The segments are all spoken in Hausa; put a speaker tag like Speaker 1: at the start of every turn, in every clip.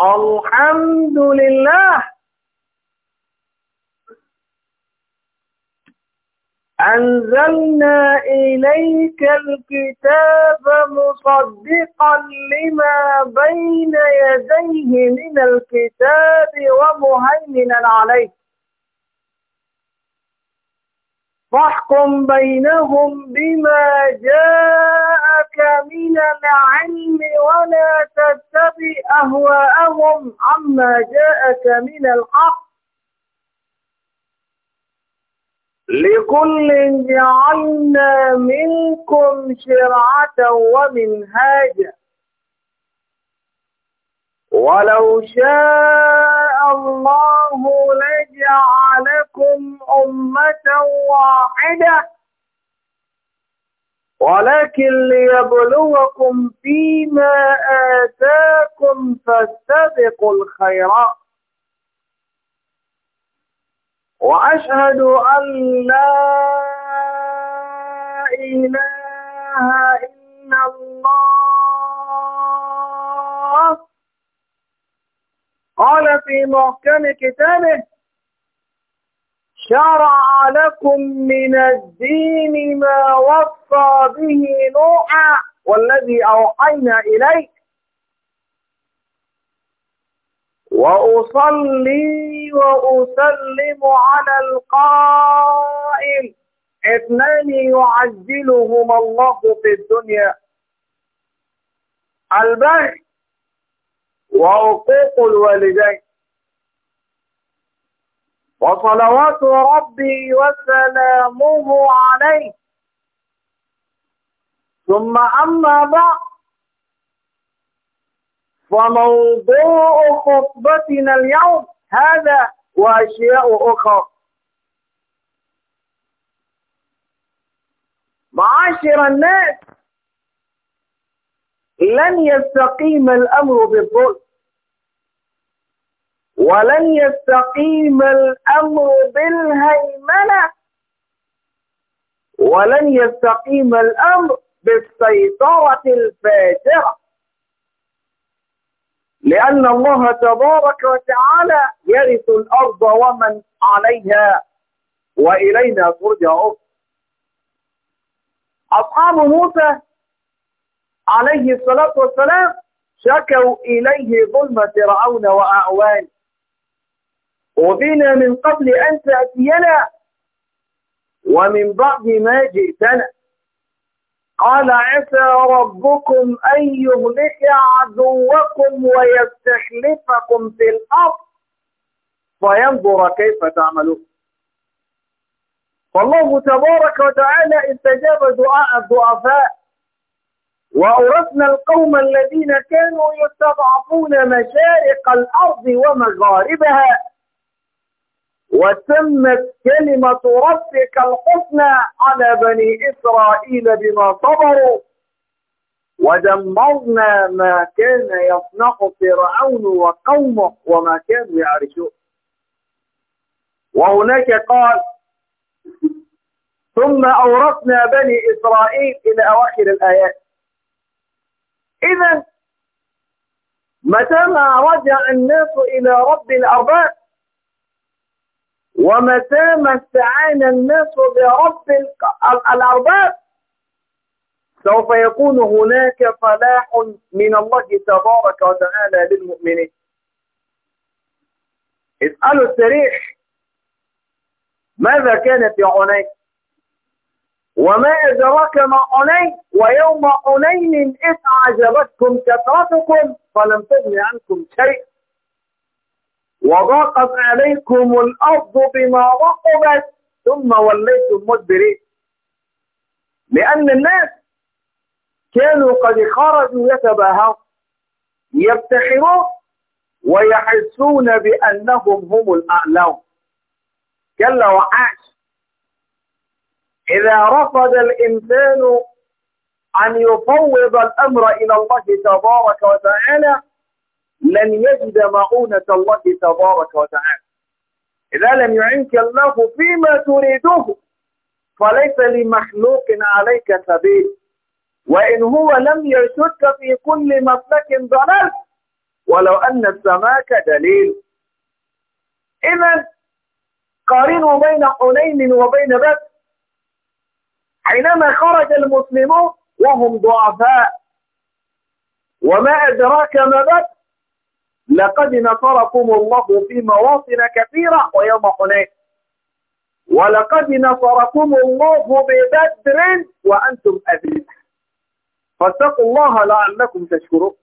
Speaker 1: الحمد لله أنزلنا إليك الكتاب مصدقا لما بين يديه من الكتاب ومهيمنا عليه فاحكم بينهم بما جاءك من العلم ولا تتبع أهواءهم عما جاءك من الحق لكل جعلنا منكم شرعة ومنهاجا ولو شاء الله لجعلكم أمة واحدة ولكن ليبلوكم فيما آتاكم فاستبقوا الخيرات وأشهد أن لا إله إلا الله قال في محكم كتابه شرع لكم من الدين ما وصى به نوحا والذي أوحينا إليك وأصلي وأسلم على القائل اثنان يعجلهما الله في الدنيا البحث وعقوق الوالدين وصلوات ربي وسلامه عليه ثم أما بعد فموضوع خطبتنا اليوم هذا وأشياء أخرى معاشر الناس لن يستقيم الأمر بالظلم ولن يستقيم الأمر بالهيمنة ولن يستقيم الأمر بالسيطرة الفاجرة لأن الله تبارك وتعالى يرث الأرض ومن عليها وإلينا ترجعون أصحاب موسى عليه الصلاة والسلام شكوا إليه ظلم فرعون وأعوان وبنا من قبل أن تأتينا ومن بعد ما جئتنا قال عسى ربكم أن يهلك عدوكم ويستخلفكم في الأرض فينظر كيف تعملون فالله تبارك وتعالى استجاب دعاء الضعفاء وأورثنا القوم الذين كانوا يستضعفون مشارق الأرض ومغاربها وتمت كلمة ربك الحسنى على بني إسرائيل بما صبروا ودمرنا ما كان يصنع فرعون وقومه وما كانوا يعرشون وهناك قال ثم أورثنا بني إسرائيل إلى أواخر الآيات إذا متى ما رجع الناس إلى رب الأرباب ومتى ما استعان الناس برب الأرباب سوف يكون هناك صلاح من الله تبارك وتعالى للمؤمنين اسألوا السريح ماذا كانت يا عنيك وما أدراك ما حنين ويوم حنين إذ أعجبتكم كثرتكم فلم تغن عنكم شيء وضاقت عليكم الأرض بما رحبت ثم وليتم مدبرين لأن الناس كانوا قد خرجوا يتباهون يفتخرون ويحسون بأنهم هم الأعلون جل وعلا إذا رفض الإنسان أن يفوض الأمر إلى الله تبارك وتعالى لن يجد معونة الله تبارك وتعالى إذا لم يعنك الله فيما تريده فليس لمخلوق عليك سبيل وإن هو لم يشك في كل مسلك ضلال ولو أن السماك دليل إذا قارنوا بين حنين وبين بث حينما خرج المسلمون وهم ضعفاء وما أدراك ما بك لقد نصركم الله في مواطن كثيرة ويوم حنين ولقد نصركم الله ببدر وأنتم أذلة فاتقوا الله لعلكم تشكرون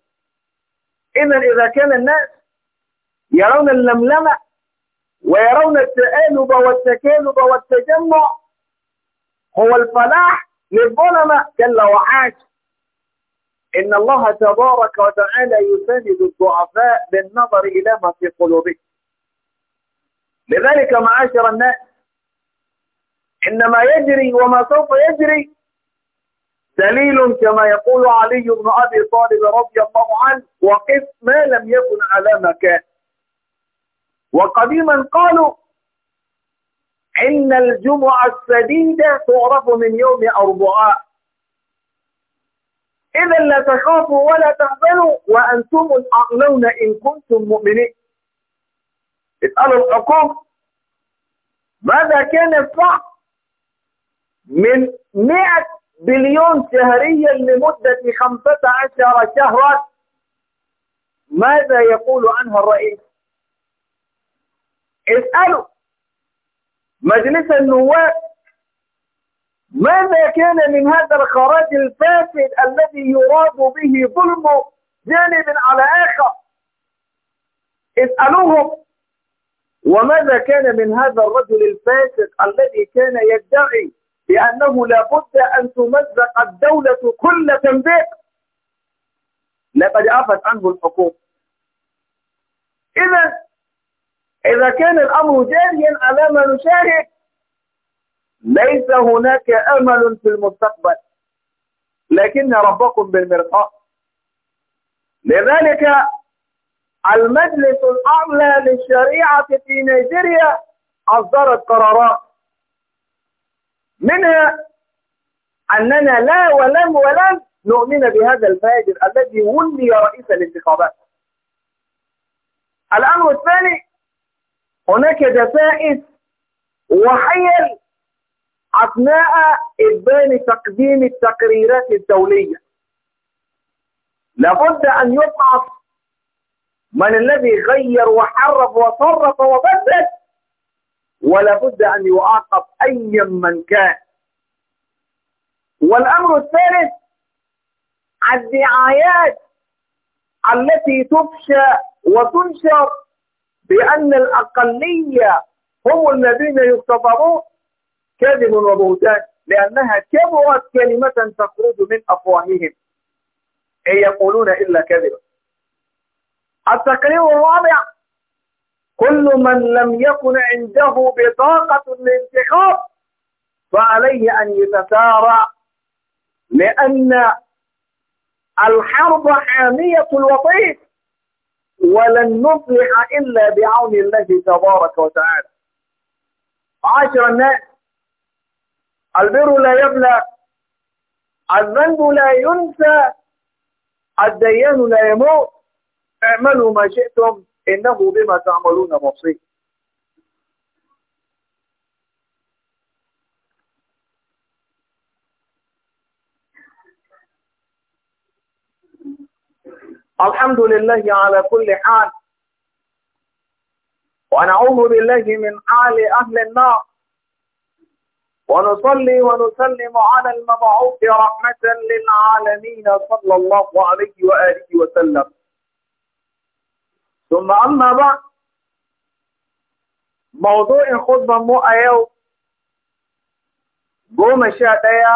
Speaker 1: إذا إذا كان الناس يرون اللملمة ويرون التآلب والتكالب والتجمع هو الفلاح للظلمة جل وعاد إن الله تبارك وتعالى يساند الضعفاء بالنظر إلى ما في قلوبهم لذلك معاشر الناس إن ما يجري وما سوف يجري دليل كما يقول علي بن أبي طالب رضي الله عنه وقف ما لم يكن على مكان وقديما قالوا إن الجمعة السديدة تعرف من يوم أربعاء إذا لا تخافوا ولا تحزنوا وأنتم الأعلون إن كنتم مؤمنين اسألوا الحكم ماذا كان الصح من 100 بليون شهريا لمدة 15 شهرا ماذا يقول عنها الرئيس اسألوا مجلس النواب ماذا كان من هذا الخراج الفاسد الذي يراد به ظلم جانب على آخر اسألوهم وماذا كان من هذا الرجل الفاسد الذي كان يدعي بأنه لابد أن تمزق الدولة كل تمزيق لقد عفت عنه الحكومة إذا إذا كان الأمر جاريا على ما نشاهد ليس هناك أمل في المستقبل لكن ربكم بالمرقاة لذلك المجلس الأعلى للشريعة في نيجيريا أصدرت قرارات منها أننا لا ولم ولن نؤمن بهذا الفاجر الذي ولي رئيس الانتخابات الأمر الثاني هناك دسائس وحيل أثناء إبان تقديم التقريرات الدولية لابد أن يبعث من الذي غير وحرف وصرف وبدل ولابد أن يعاقب أيا من كان والأمر الثالث الدعايات التي تفشى وتنشر بأن الأقلية هم الذين يختبرون كذب وبهتان لأنها كبرت كلمة تخرج من أفواههم إن يقولون إلا كذبا التقرير الرابع كل من لم يكن عنده بطاقة الانتخاب فعليه أن يتسارع لأن الحرب حامية الوطيس ولن نصلح إلا بعون الله تبارك وتعالى عاشر الناس البر لا يبلى الذنب لا ينسى الديان لا يموت اعملوا ما شئتم إنه بما تعملون بصير الحمد لله على كل حال ونعوذ بالله من حال أهل النار ونصلي ونسلم على المبعوث رحمة للعالمين صلى الله عليه وآله وسلم ثم أما بعد موضوع خطبة مو أيو goma sha ɗaya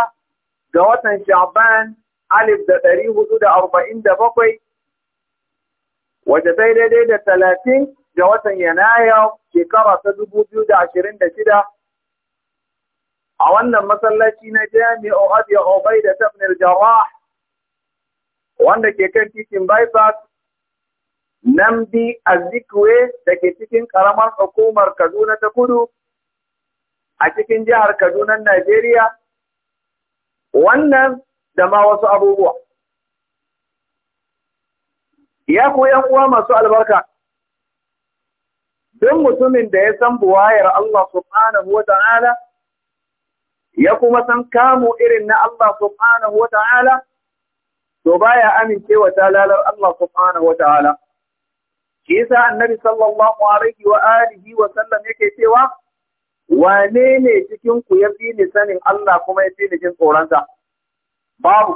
Speaker 1: ga watan Shaban alif da Wace sai daidai da talatin da watan Yanaya shekara ta dubu biyu da ashirin da shida a wannan masallaci na jami'o Abiya Obai da Tabnil Jarrah wanda ke kan titin bypass nan bi a zikwe da ke cikin karamar hukumar Kaduna ta kudu a cikin jihar Kaduna Najeriya wannan da ma wasu abubuwa. ya yan uwa masu albarka don mutumin da ya san buwayar Allah subhanahu wa ta'ala ya kuma san kamo irin na Allah subhanahu wa ta'ala to baya amincewa talalar Allah subhanahu wa ta'ala Ke sa annabi sallallahu alaihi wa alihi wa sallam yake cewa wane ne cikin ku ya fi ni sanin Allah kuma ya fi ni jin tsoronsa babu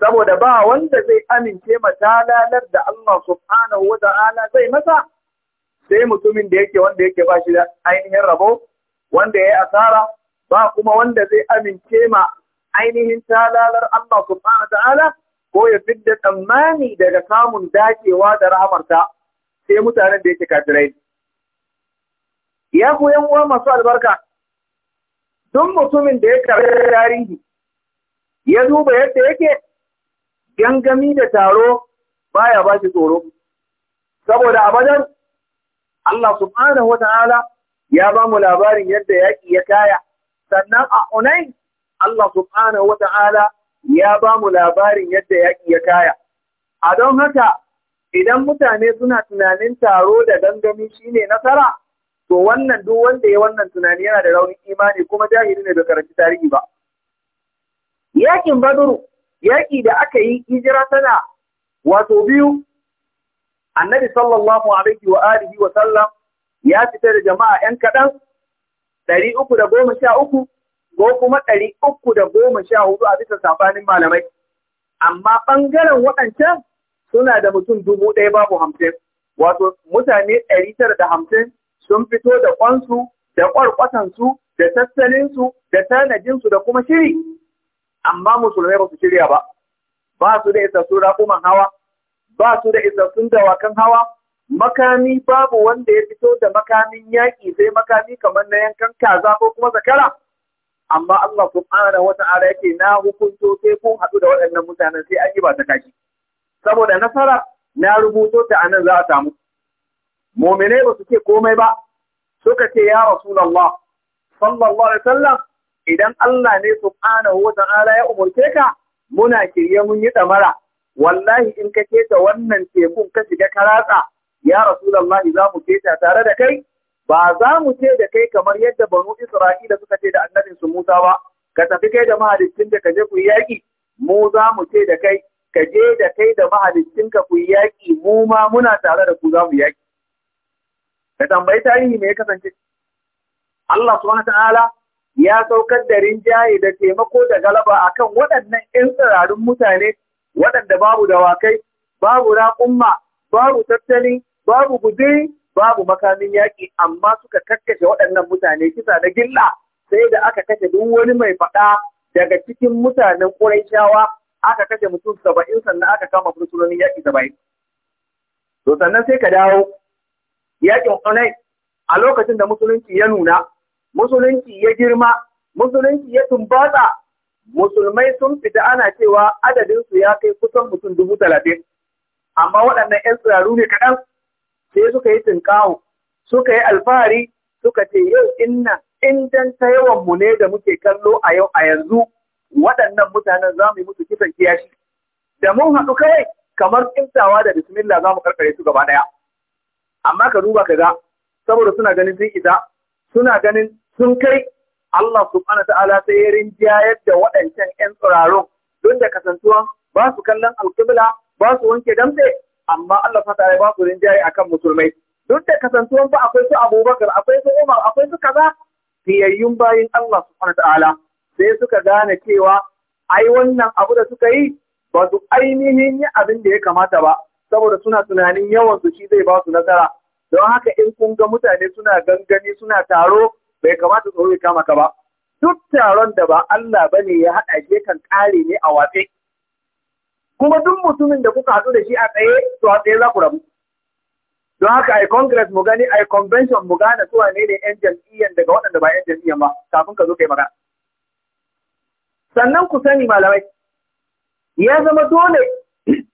Speaker 1: saboda ba wanda zai amince ma talalar da Allah subhanahu wa ta'ala zai masa sai mutumin da yake wanda yake ba shi da ainihin rabo wanda ya yi asara ba kuma wanda zai amince ma ainihin talalar Allah subhanahu wa ta'ala ko ya fidda tsammani daga samun dakewa da rahamarta sai mutanen da yake kafirai ya ku yan uwa masu albarka duk mutumin da ya karɓi tarihi ya duba yadda yake gangami da taro baya ba shi tsoro saboda a Allah subhanahu wata'ala ya ba mu labarin yadda yaƙi ya kaya sannan a unai Allah subhanahu ta'ala ya ba mu labarin yadda yaƙi ya kaya a don haka idan mutane suna tunanin taro da gangami shine nasara to wannan duk wanda ya wannan tunani yana da raunin imani kuma jahili ne bai karanci tarihi ba yakin baduru yaƙi da aka yi hijira tana wato biyu annabi sallallahu alaihi wa alihi wa sallam ya fita da jama'a ‘yan kaɗan ɗari uku da goma sha uku ko kuma ɗari uku da goma sha hudu a bisa safanin malamai amma ɓangaren waɗancan suna da mutum dubu ɗaya babu hamsin wato mutane ɗari tara da hamsin sun fito da ƙwansu da ƙwarƙwatansu da tattalinsu da tanajinsu da kuma shiri amma musulmai ba su shirya ba ba su da isassun raƙuman hawa ba su da isassun dawakan hawa makami babu wanda ya fito da makamin yaƙi sai makami kamar na yankan kaza ko kuma zakara amma Allah subhanahu wata yake na hukunto sai kun haɗu da waɗannan mutanen sai an yi ba ta kashi saboda nasara na rubuto ta anan za a samu mu'minai ba su ce komai ba suka ce ya Rasulallah, sallallahu alaihi wasallam idan Allah ne subhanahu wa ta'ala ya umurce ka muna shirye mun yi ɗamara. wallahi in ka keta wannan tekun ka shiga karatsa ya rasulullahi za mu keta tare da kai ba za mu ce da kai kamar yadda banu Isra'ila suka ce da annabin Musa ba ka tafi kai da mahalicin da ka je ku yaƙi mu za mu ce da kai ka je da kai da mahalicin ka ku yaƙi mu ma muna tare da ku za mu yaƙi ka tambayi tarihi me ya kasance Allah subhanahu ta'ala ya saukar da rinjaye da taimako da galaba a kan waɗannan ‘yan tsirarun mutane waɗanda babu dawakai, babu raƙumma, babu tattali, babu guduri, babu makamin yaƙi, amma suka kakkashe waɗannan mutane kisa da gilla sai da aka kashe duk wani mai faɗa daga cikin mutanen ƙuraishawa aka kashe mutum saba'in sannan aka kama fursunonin yaƙi saba'in. To sannan sai ka dawo yaƙin Hunain a lokacin da musulunci ya nuna musulunci ya girma musulunci ya tumbatsa musulmai sun fita ana cewa adadinsu ya kai kusan mutum dubu talatin amma waɗannan 'yan tsiraru ne kaɗan sai suka yi tinkawo suka yi alfahari suka ce yau inna in dan ta yawan mu ne da muke kallo a yau a yanzu waɗannan mutanen za mu yi musu kisan kiyashi da mun haɗu kawai kamar tsintawa da bismillah za mu karkare su gaba ɗaya amma ka duba ka ga saboda suna ganin sun isa suna ganin sun kai Allah subhanahu ta'ala sai ya rinjiya da waɗancan ‘yan tsirarun don da kasantuwa ba su kallon alƙibla ba su wanke damse amma Allah ta'ala ba su rinjaye akan musulmai duk da kasantuwa ba akwai su Abubakar akwai su Umar akwai su kaza fiyayyun bayin Allah subhanahu ta'ala sai suka gane cewa ai wannan abu da suka yi ba su ainihin yi abin da ya kamata ba saboda suna tunanin yawan su shi zai ba su nasara don haka in kun ga mutane suna gangami suna taro bai kamata tsoro ya kama ka ba duk taron da ba Allah bane ya haɗa ke kan ƙare ne a watse kuma duk mutumin da kuka haɗu da shi a tsaye to a tsaye za ku rabu don haka ai congress mu gani ai convention mu gane su wane ne yan jam'iyyan daga waɗanda ba yan jam'iyyan ba kafin ka zo kai magana sannan ku sani malamai ya zama dole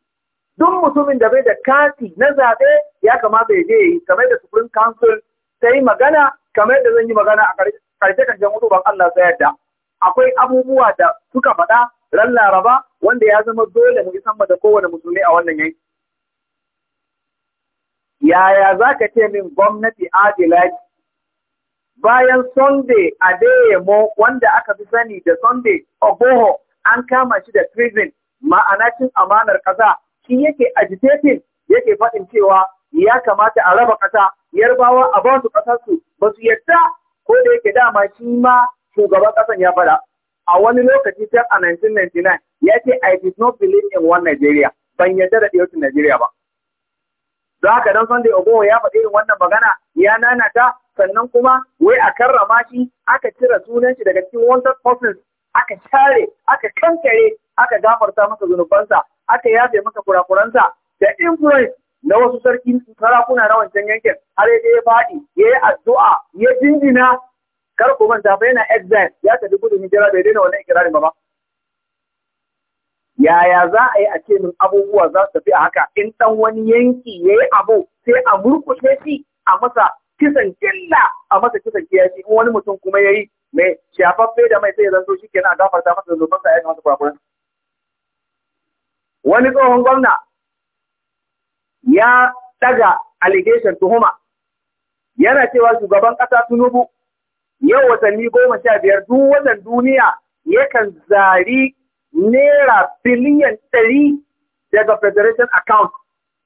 Speaker 1: duk mutumin da bai da kati na zaɓe ya kamata ya je yi kamar da supreme council ta yi magana kamar yadda zan yi magana a karshe karshen hutuban Allah sai yadda akwai abubuwa da suka faɗa ran Laraba wanda ya zama dole mu isan da kowane musulmi a wannan yanki yaya za ka ce min gwamnati adila bayan Sunday Adeyemo wanda aka fi sani da Sunday Ogoho an kama shi da prison ma'ana cin amanar kasa, shi yake agitating yake faɗin cewa ya kamata a raba kasa, yarbawa a ba su ƙasarsu ba su yadda ko da yake dama shi ma shugaban kasan ya faɗa a wani lokaci ta a 1999 ya ce I did not believe in one Nigeria ban yadda da ɗaya Nigeria ba. Za ka dan Sunday ogo ya faɗi irin wannan magana ya nanata sannan kuma wai a karrama shi aka cire sunan shi daga cikin wanted persons aka share aka kankare aka gafarta masa zunubansa aka yafe masa kurakuransa da influence na wasu sarki sarakuna na wancan yankin har ya ya faɗi ya yi addu'a ya jinjina kar ku manta fa yana exile ya tafi gudun hijira bai daina wannan ikirarin ba ba. yaya za a yi a ce min abubuwa za su tafi a haka in dan wani yanki ya yi abu sai a murkushe shi a masa kisan killa a masa kisan kiyashi in wani mutum kuma ya yi mai shafaffe da mai sai zanto shi kenan a gafarta masa zunubansa ya masa kwakwuran wani tsohon gwamna ya daga allegation tuhuma yana cewa shugaban ƙasa Tinubu yau watanni goma sha biyar duk watan duniya yakan zari naira biliyan ɗari daga federation account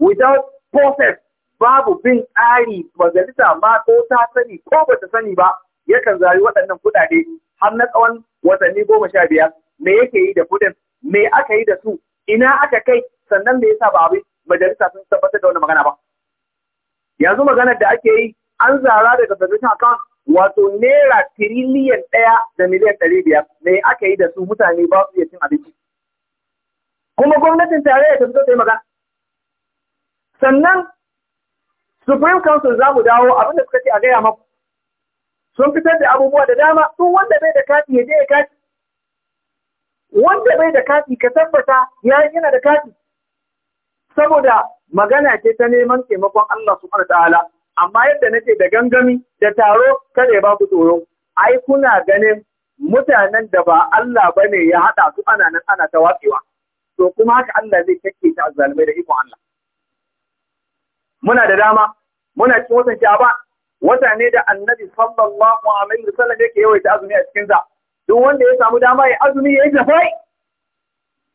Speaker 1: without process babu bin tsari majalisa ma ko ta sani ko ba ta sani ba yakan zari waɗannan kuɗaɗe har na tsawon watanni goma sha biyar me yake yi da kuɗin me aka yi da su ina aka kai sannan me yasa ba abin majalisa sun tabbatar da wani magana ba yanzu maganar da ake yi an zara daga federation account wato naira tiriliyan ɗaya da miliyan ɗari biyar ne aka yi da su mutane ba su iya cin abinci kuma gwamnatin tarayya ta fito ta yi magana sannan supreme council za mu dawo abinda suka ce a gaya maku sun fitar da abubuwa da dama duk wanda bai da kati ya je ya kati wanda bai da kati ka tabbata ya yana da kati saboda magana ce ta neman taimakon Allah su ta'ala amma yadda nake da gangami da taro kare ba ku tsoro ai kuna ganin mutanen da ba Allah ba ne ya haɗa su ana nan ana ta waƙewa. to kuma haka Allah zai kake ta azzalmai da ikon Allah muna da dama muna cikin watan Sha'ban wata ne da Annabi sallallahu alaihi wasallam yake yawaita azumi a cikin sa duk wanda ya samu dama ya azumi ya yi zafai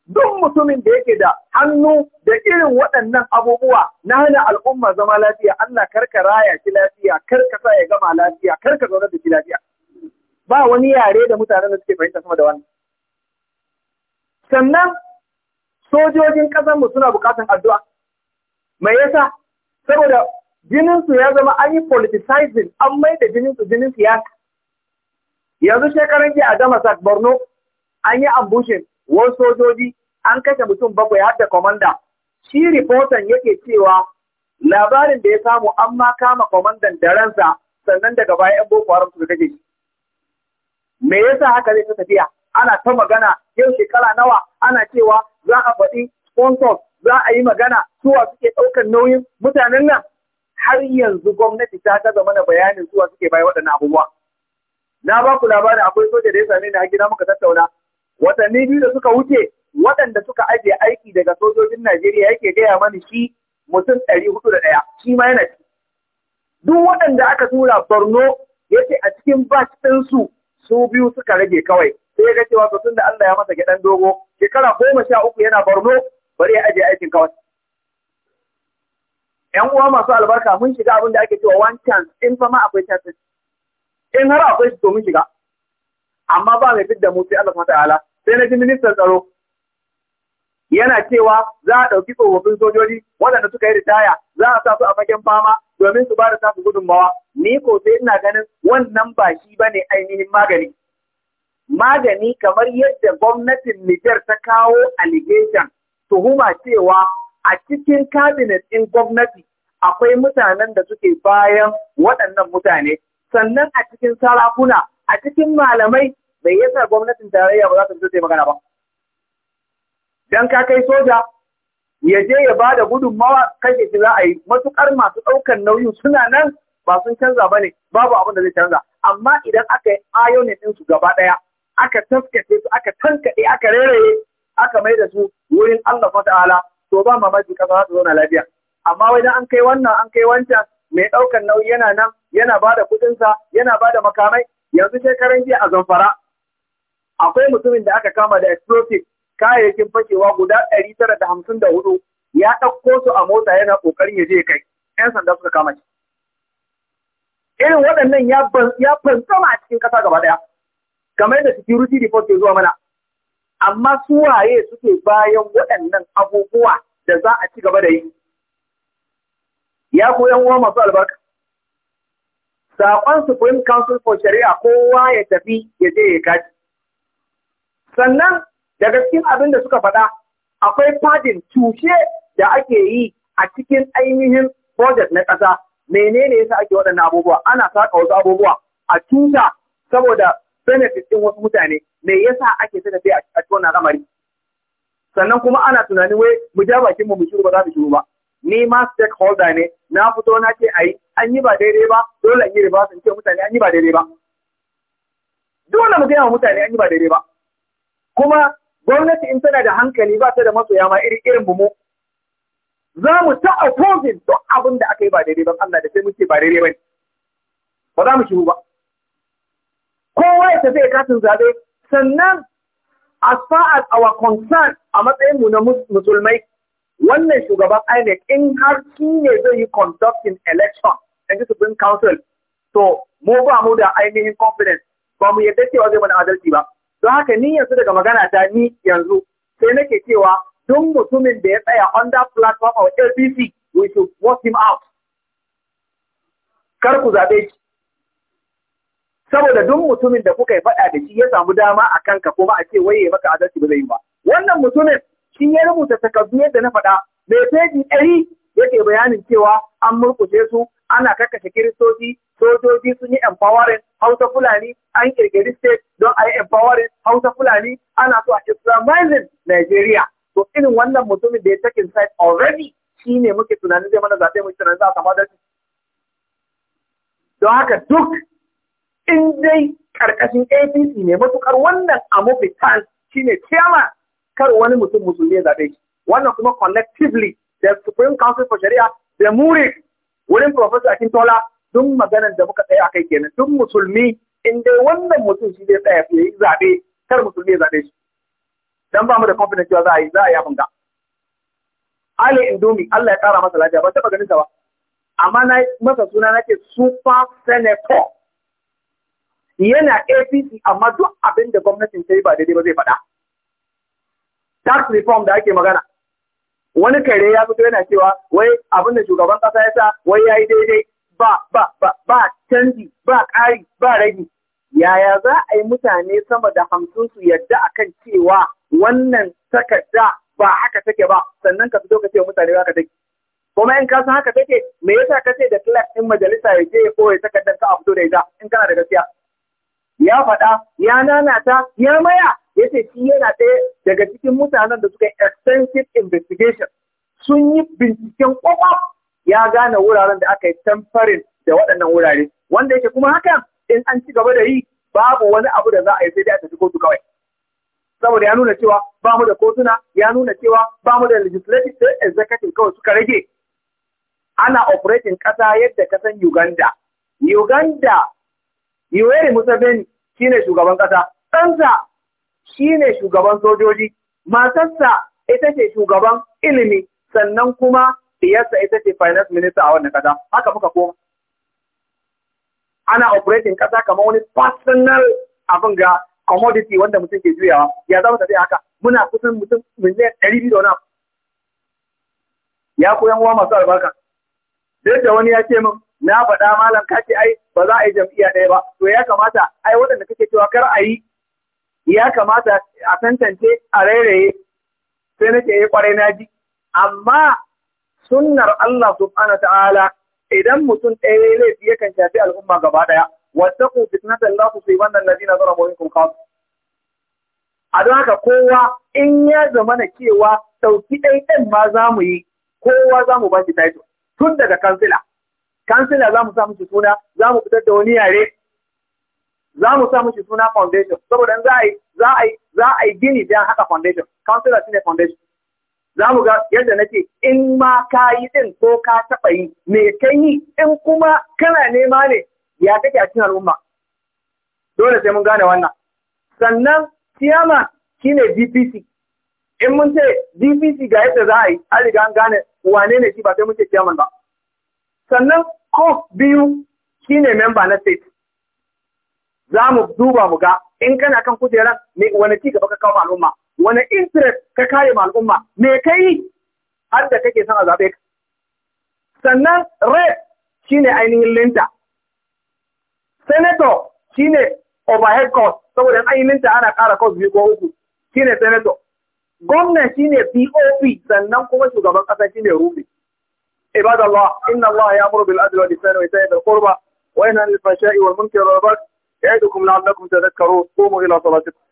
Speaker 1: duk mutumin da yake da hannu da irin waɗannan abubuwa na hana al'umma zama lafiya Allah karka raya shi lafiya karka sa ya gama lafiya karka zaune da shi lafiya ba wani yare da mutanen da suke fahimta sama da wannan sannan sojojin ƙasar mu suna buƙatar addu'a mai yasa saboda jinin su ya zama an yi politicizing an mai da jinin su jinin siyasa yanzu shekaran jiya a Damasak Borno an yi ambushin wasu sojoji an kashe mutum bakwai har da komanda shi rifotan yake cewa labarin da ya samu an ma kama kwamandan da ransa sannan daga baya yan boko haram suka kashe shi me yasa haka zai ta tafiya ana ta magana yau shekara nawa ana cewa za a faɗi sponsors za a yi magana suwa suke ɗaukar nauyin mutanen nan har yanzu gwamnati ta zama mana bayanin suwa suke bayan waɗannan abubuwa na ba ku labarin akwai soja da ya same ni a gida muka tattauna watanni biyu da suka wuce waɗanda suka ajiye aiki daga sojojin Najeriya yake gaya mani shi mutum ɗari hudu da ɗaya shi ma yana ci. Duk waɗanda aka tura Borno ce a cikin batch ɗinsu su biyu suka rage kawai sai ya ga cewa to tun da Allah ya masa gidan dogo shekara goma sha uku yana Borno bari ya ajiye aikin kawai. ‘Yan uwa masu albarka mun shiga abin da ake cewa one chance in fama akwai chance in har akwai shi to mun shiga amma ba mai fidda mu sai Allah ta'ala sai na ji ministan tsaro yana cewa za a ɗauki tsofaffin sojoji waɗanda suka yi ritaya za a sa su a fagen fama domin su ba da tasu gudunmawa ni ko sai ina ganin wannan ba shi ba ne ainihin magani magani kamar yadda gwamnatin Nijar ta kawo allegation tuhuma cewa a cikin cabinet ɗin gwamnati akwai mutanen da suke bayan waɗannan mutane sannan a cikin sarakuna a cikin malamai me yasa gwamnatin tarayya ba za ta fito magana ba Don ka kai soja ya je ya ba da gudunmawa kashe shi za a yi matukar masu ɗaukar nauyin suna nan ba sun canza ba ne babu abin da zai canza amma idan aka yi ayonin ɗinsu gaba ɗaya aka taskace su aka tankaɗe aka reraye aka mai da su wurin Allah ta'ala to ba maji kasa za su zauna lafiya amma wai an kai wannan an kai wancan mai ɗaukar nauyi yana nan yana ba da kuɗinsa yana ba da makamai yanzu shekaran jiya a zamfara akwai mutumin da aka kama da explosive kayayyakin fakewa guda ɗari tara da hamsin da ya ɗauko su a mota yana ƙoƙarin ya je kai ‘yan sanda suka kama shi. Irin waɗannan ya fantsama a cikin ƙasa gaba ɗaya, kamar yadda security report ke zuwa mana. Amma su waye suke bayan waɗannan abubuwa da za a ci gaba da yi. Ya ku ‘yan uwa masu albarka. Saƙon Supreme Council for Sharia kowa ya tafi ya je ya kaji. sannan daga cikin abin da suka faɗa akwai fadin tushe da ake yi a cikin ainihin budget na ƙasa menene yasa ake waɗannan abubuwa ana saka wasu abubuwa a tuta saboda benefit ɗin wasu mutane me yasa ake ta tafiya a cikin wannan ramari sannan kuma ana tunanin wai mu ja bakin mu mu shiru ba za mu shiru ba ni ma stakeholder ne na fito na ce ayi an yi ba daidai ba dole in yi riba sun ce mutane an yi ba daidai ba dole mu gaya wa mutane an yi ba daidai ba kuma gwamnati in tana da hankali ba ta da masoya ma iri irin mu za mu ta opposing duk abin da aka yi ba daidai ba Allah da sai mun ce ba daidai ba ne, ba za mu shiru ba kowa ya tafi katin zabe sannan as far as our concern a matsayin mu na musulmai wannan shugaban INEC in har shi ne zai yi conducting election in the Supreme Council to mu ba mu da ainihin confidence ba mu yadda cewa zai mana adalci ba don haka ni yanzu daga magana ta ni yanzu sai nake cewa duk mutumin da ya tsaya under platform of LBC we should work him out kar ku zaɓe shi saboda duk mutumin da kuka yi faɗa da shi ya samu dama a kanka kuma a ce waye maka adalci ba zai yi ba wannan mutumin shi ya rubuta takardu yadda na faɗa mai feji ɗari yake bayanin cewa an murkushe su ana karkashe kiristoci sojoji sun yi empowering hausa fulani an kirkiri state don a yi empowering hausa fulani ana so a islamizing nigeria to irin wannan mutumin da ya take inside already shi ne muke tunanin zai mana zaɓe muke tunanin za a samar da shi. don haka duk in dai ƙarƙashin apc ne matukar wannan shi shine chairman kar wani mutum musulmi ya zaɓe shi wannan kuma collectively da Supreme Council for Sharia da Muri wurin Professor Akintola duk maganar da muka tsaya kai kenan duk musulmi in dai wannan mutum shi zai tsaya ya yi zaɓe kar musulmi ya zaɓe shi dan ba mu da confidence cewa za a yi za a yi abin ga Ali Indomi Allah ya ƙara masa lafiya ba taɓa ganin sa ba amma na masa suna nake super senator yana APC amma duk abin da gwamnatin ta yi ba daidai ba zai faɗa tax reform da ake magana wani kare ya fito yana cewa wai abin da shugaban kasa ya sa wai yayi daidai ba ba ba ba canji ba ƙari ba ragi yaya za a yi mutane sama da hamsin su yadda akan cewa wannan takarda ba haka take ba sannan ka fito ka ce mutane ba ka take kuma in ka san haka take me yasa ka ce da kila din majalisa ya je ya koyi takardar ka a fito da ita in kana da gaskiya ya faɗa ya nanata ya maya ya ce shi yana ɗaya daga cikin mutanen da suka yi extensive investigation sun yi binciken ƙwaƙwa ya gane wuraren da aka yi tamfarin da waɗannan wurare wanda yake kuma hakan in an ci gaba da yi babu wani abu da za a yi sai dai a tafi kotu kawai saboda ya nuna cewa ba mu da kotuna ya nuna cewa ba mu da legislative sai executive kawai suka rage ana operating ƙasa yadda ka san Uganda Uganda Yoweri Museveni shine shugaban ƙasa, ɗansa shine shugaban sojoji, matarsa ita ce shugaban ilimi, sannan kuma diyarsa ita ce finance minister a wannan ƙasa. Haka muka koma. Ana operating ƙasa kamar wani personal abin ga commodity wanda mutum ke juyawa. Ya zama tafi haka. Muna kusan mutum miliyan ɗari biyu da wani abu. Ya koyan uwa masu albarka. Duk da wani ya ce min na faɗa malam kace ai ba za a yi jam'iyya ɗaya ba to ya kamata ai waɗanda kake cewa kar a yi ya kamata a tantance a rairaye sai nake yi eh, kwarai na ji amma sunnar Allah subhanahu ta'ala idan mutum ɗaya ya laifi yakan shafi al'umma gaba ɗaya ku fitnatan wannan na zina zalamu minkum kuka. a don haka kowa in ya zama na cewa ɗauki ɗaiɗan ma za mu yi kowa za mu ba shi title tun daga kansila kansila za mu sa musu suna za mu fitar da wani yare za mu sa mishi suna foundation saboda za a yi za a yi za a yi gini dan haka foundation counselor shine foundation za mu ga yadda nake in ma ka yi din ko ka taɓa yi me ka yi in kuma kana nema ne ya kake a cikin al'umma dole sai mun gane wannan sannan siyama shine DPC in mun ce DPC ga yadda za a yi an riga an gane wane ne shi ba sai mun ce chairman ba sannan ko biyu shine member na state za mu duba mu ga in kana kan kujerar me wani ci gaba ka kawo al'umma wani interest ka kare ma al'umma me kai har da kake son a zaɓe ka sannan re shine ainihin linta senator shine overhead cost saboda in ainihin linta ana ƙara cost biyu ko uku shine senator gwamna shine POP sannan kuma shugaban ƙasa shine rubi ibadallah inna Allah ya bil adli wal ihsani wa ita'i dhil qurba wa yanha 'anil fahsha'i wal munkari wal يعدكم لعلكم تذكرون قوموا إلى صلاتكم